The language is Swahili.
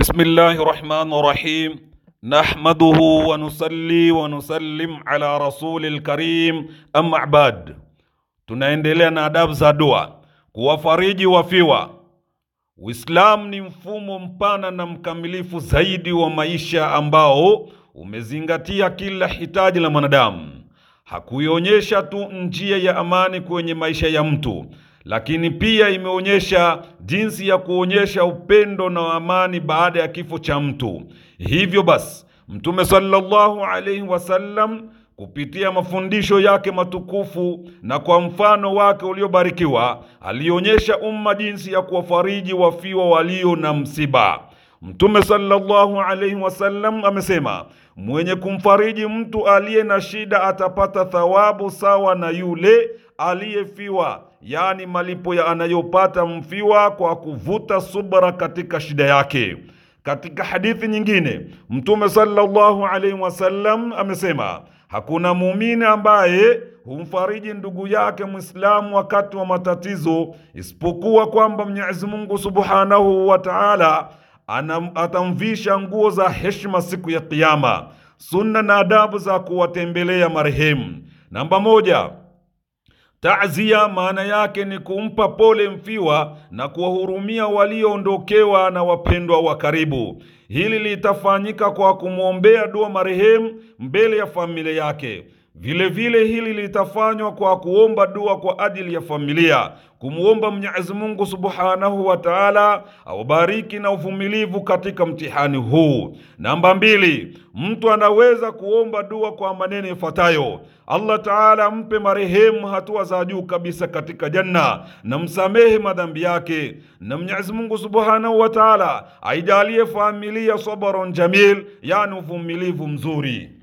بسم الله الرحمن الرحيم نحمده ونصلي ونسلم ala rasuli lkarim amma bad. Tunaendelea na adabu za dua, kuwafariji wafiwa. Uislamu ni mfumo mpana na mkamilifu zaidi wa maisha ambao umezingatia kila hitaji la mwanadamu. Hakuionyesha tu njia ya amani kwenye maisha ya mtu lakini pia imeonyesha jinsi ya kuonyesha upendo na amani baada ya kifo cha mtu. Hivyo basi, Mtume sallallahu alaihi wasallam kupitia mafundisho yake matukufu na kwa mfano wake uliobarikiwa alionyesha umma jinsi ya kuwafariji wafiwa walio na msiba. Mtume sallallahu alaihi wasallam amesema, mwenye kumfariji mtu aliye na shida atapata thawabu sawa na yule aliyefiwa yaani malipo ya anayopata mfiwa kwa kuvuta subra katika shida yake. Katika hadithi nyingine Mtume sallallahu alaihi wasallam amesema hakuna muumini ambaye humfariji ndugu yake Mwislamu wakati wa matatizo isipokuwa kwamba Mwenyezi Mungu subhanahu wa taala atamvisha nguo za heshima siku ya Kiyama. Sunna na adabu za kuwatembelea marehemu. Namba moja Taazia maana yake ni kumpa pole mfiwa na kuwahurumia walioondokewa na wapendwa wa karibu. Hili litafanyika kwa kumwombea dua marehemu mbele ya familia yake. Vilevile hili litafanywa kwa kuomba dua kwa ajili ya familia, kumwomba Mwenyezi Mungu Subhanahu wa Ta'ala aubariki na uvumilivu katika mtihani huu. Namba mbili, mtu anaweza kuomba dua kwa maneno yafuatayo: Allah Ta'ala mpe marehemu hatua za juu kabisa katika janna na msamehe madhambi yake, na Mwenyezi Mungu Subhanahu wa Ta'ala aijalie familia sabaron jamil, yani uvumilivu mzuri.